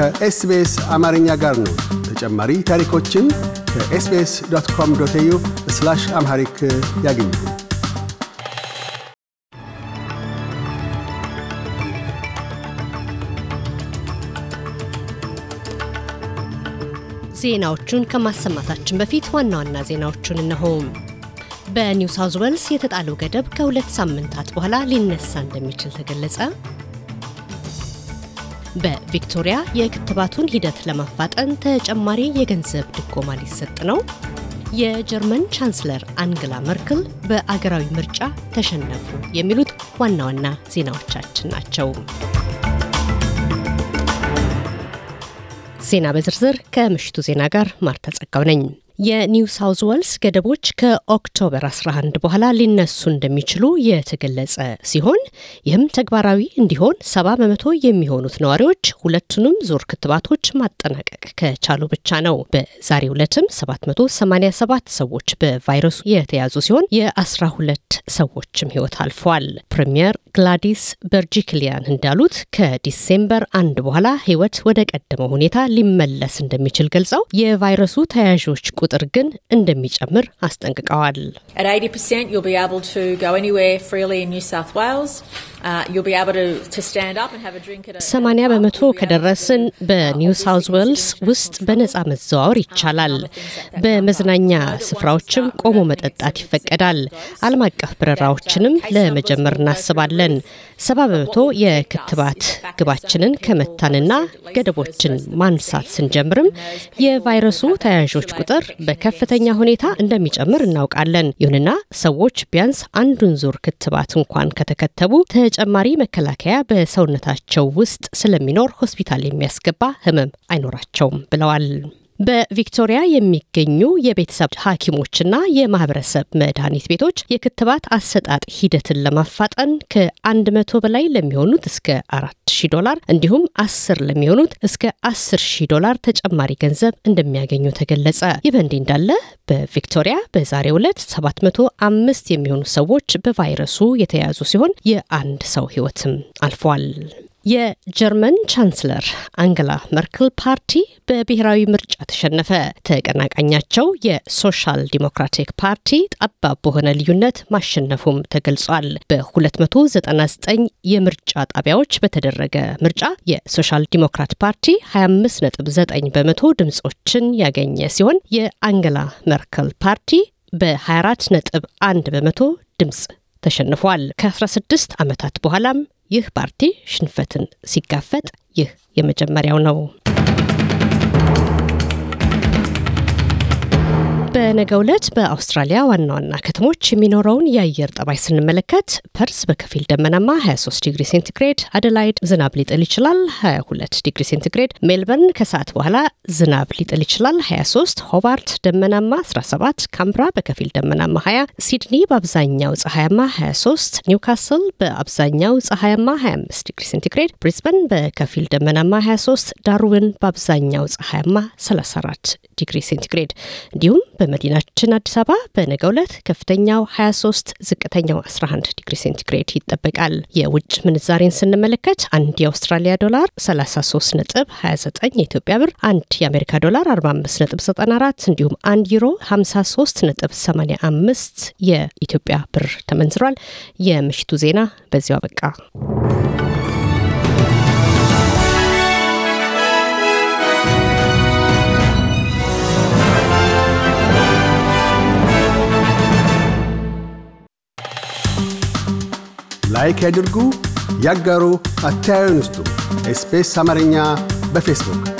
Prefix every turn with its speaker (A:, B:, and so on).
A: ከኤስቤስ አማርኛ ጋር ነው። ተጨማሪ ታሪኮችን ከኤስቤስ ዶት ኮም ዶት አምሃሪክ ያገኙ። ዜናዎቹን ከማሰማታችን በፊት ዋና ዋና ዜናዎቹን እነሆ። በኒው ሳውዝ ዌልስ የተጣለው ገደብ ከሁለት ሳምንታት በኋላ ሊነሳ እንደሚችል ተገለጸ። በቪክቶሪያ የክትባቱን ሂደት ለማፋጠን ተጨማሪ የገንዘብ ድጎማ ሊሰጥ ነው። የጀርመን ቻንስለር አንግላ መርክል በአገራዊ ምርጫ ተሸነፉ። የሚሉት ዋና ዋና ዜናዎቻችን ናቸው። ዜና በዝርዝር ከምሽቱ ዜና ጋር ማርታ ጸጋው ነኝ። የኒው ሳውዝ ወልስ ገደቦች ከኦክቶበር 11 በኋላ ሊነሱ እንደሚችሉ የተገለጸ ሲሆን ይህም ተግባራዊ እንዲሆን 70 በመቶ የሚሆኑት ነዋሪዎች ሁለቱንም ዙር ክትባቶች ማጠናቀቅ ከቻሉ ብቻ ነው። በዛሬው ዕለትም 787 ሰዎች በቫይረሱ የተያዙ ሲሆን የ12 ሰዎችም ህይወት አልፏል። ፕሪምየር ግላዲስ በርጂክሊያን እንዳሉት ከዲሴምበር አንድ በኋላ ህይወት ወደ ቀደመው ሁኔታ ሊመለስ እንደሚችል ገልጸው የቫይረሱ ተያዦች ቁጥር ግን እንደሚጨምር አስጠንቅቀዋል። uh, ሰማንያ በመቶ ከደረስን በኒው ሳውዝ ዌልስ ውስጥ በነጻ መዘዋወር ይቻላል። በመዝናኛ ስፍራዎችም ቆሞ መጠጣት ይፈቀዳል። ዓለም አቀፍ በረራዎችንም ለመጀመር እናስባለን። ሰባ በመቶ የክትባት ግባችንን ከመታንና ገደቦችን ማንሳት ስንጀምርም የቫይረሱ ተያዦች ቁጥር በከፍተኛ ሁኔታ እንደሚጨምር እናውቃለን። ይሁንና ሰዎች ቢያንስ አንዱን ዙር ክትባት እንኳን ከተከተቡ ተጨማሪ መከላከያ በሰውነታቸው ውስጥ ስለሚኖር ሆስፒታል የሚያስገባ ህመም አይኖራቸውም ብለዋል። በቪክቶሪያ የሚገኙ የቤተሰብ ሀኪሞችና የማህበረሰብ መድኃኒት ቤቶች የክትባት አሰጣጥ ሂደትን ለማፋጠን ከ100 በላይ ለሚሆኑት እስከ 4000 ዶላር እንዲሁም 10 ለሚሆኑት እስከ 10000 ዶላር ተጨማሪ ገንዘብ እንደሚያገኙ ተገለጸ። ይህ በእንዲህ እንዳለ በቪክቶሪያ በዛሬው ዕለት 705 የሚሆኑ ሰዎች በቫይረሱ የተያዙ ሲሆን የአንድ ሰው ህይወትም አልፏል። የጀርመን ቻንስለር አንገላ መርክል ፓርቲ በብሔራዊ ምርጫ ተሸነፈ። ተቀናቃኛቸው የሶሻል ዲሞክራቲክ ፓርቲ ጠባብ በሆነ ልዩነት ማሸነፉም ተገልጿል። በ299 የምርጫ ጣቢያዎች በተደረገ ምርጫ የሶሻል ዲሞክራት ፓርቲ 25.9 በመቶ ድምፆችን ያገኘ ሲሆን የአንገላ መርክል ፓርቲ በ24.1 በመቶ ድምፅ ተሸንፏል። ከ16 ዓመታት በኋላም ይህ ፓርቲ ሽንፈትን ሲጋፈጥ ይህ የመጀመሪያው ነው። በነገ ዕለት በአውስትራሊያ ዋና ዋና ከተሞች የሚኖረውን የአየር ጠባይ ስንመለከት ፐርስ በከፊል ደመናማ 23 ዲግሪ ሴንቲግሬድ፣ አደላይድ ዝናብ ሊጥል ይችላል 22 ዲግሪ ሴንቲግሬድ፣ ሜልበርን ከሰዓት በኋላ ዝናብ ሊጥል ይችላል 23፣ ሆባርት ደመናማ 17፣ ካምብራ በከፊል ደመናማ 20፣ ሲድኒ በአብዛኛው ፀሐያማ 23፣ ኒውካስል በአብዛኛው ፀሐያማ 25 ዲግሪ ሴንቲግሬድ፣ ብሪስበን በከፊል ደመናማ 23፣ ዳርዊን በአብዛኛው ፀሐያማ 34 ዲግሪ ሴንቲግሬድ እንዲሁም በመዲናችን አዲስ አበባ በነገ ዕለት ከፍተኛው 23 ዝቅተኛው 11 ዲግሪ ሴንቲግሬድ ይጠበቃል። የውጭ ምንዛሬን ስንመለከት አንድ የአውስትራሊያ ዶላር 33 ነጥብ 29 የኢትዮጵያ ብር፣ አንድ የአሜሪካ ዶላር 45 ነጥብ 94 እንዲሁም አንድ ዩሮ 53 ነጥብ 85 የኢትዮጵያ ብር ተመንዝሯል። የምሽቱ ዜና በዚያው አበቃ። ላይክ ያድርጉ፣ ያጋሩ፣ አስተያየውን ይስጡ። ኤስፔስ አማርኛ በፌስቡክ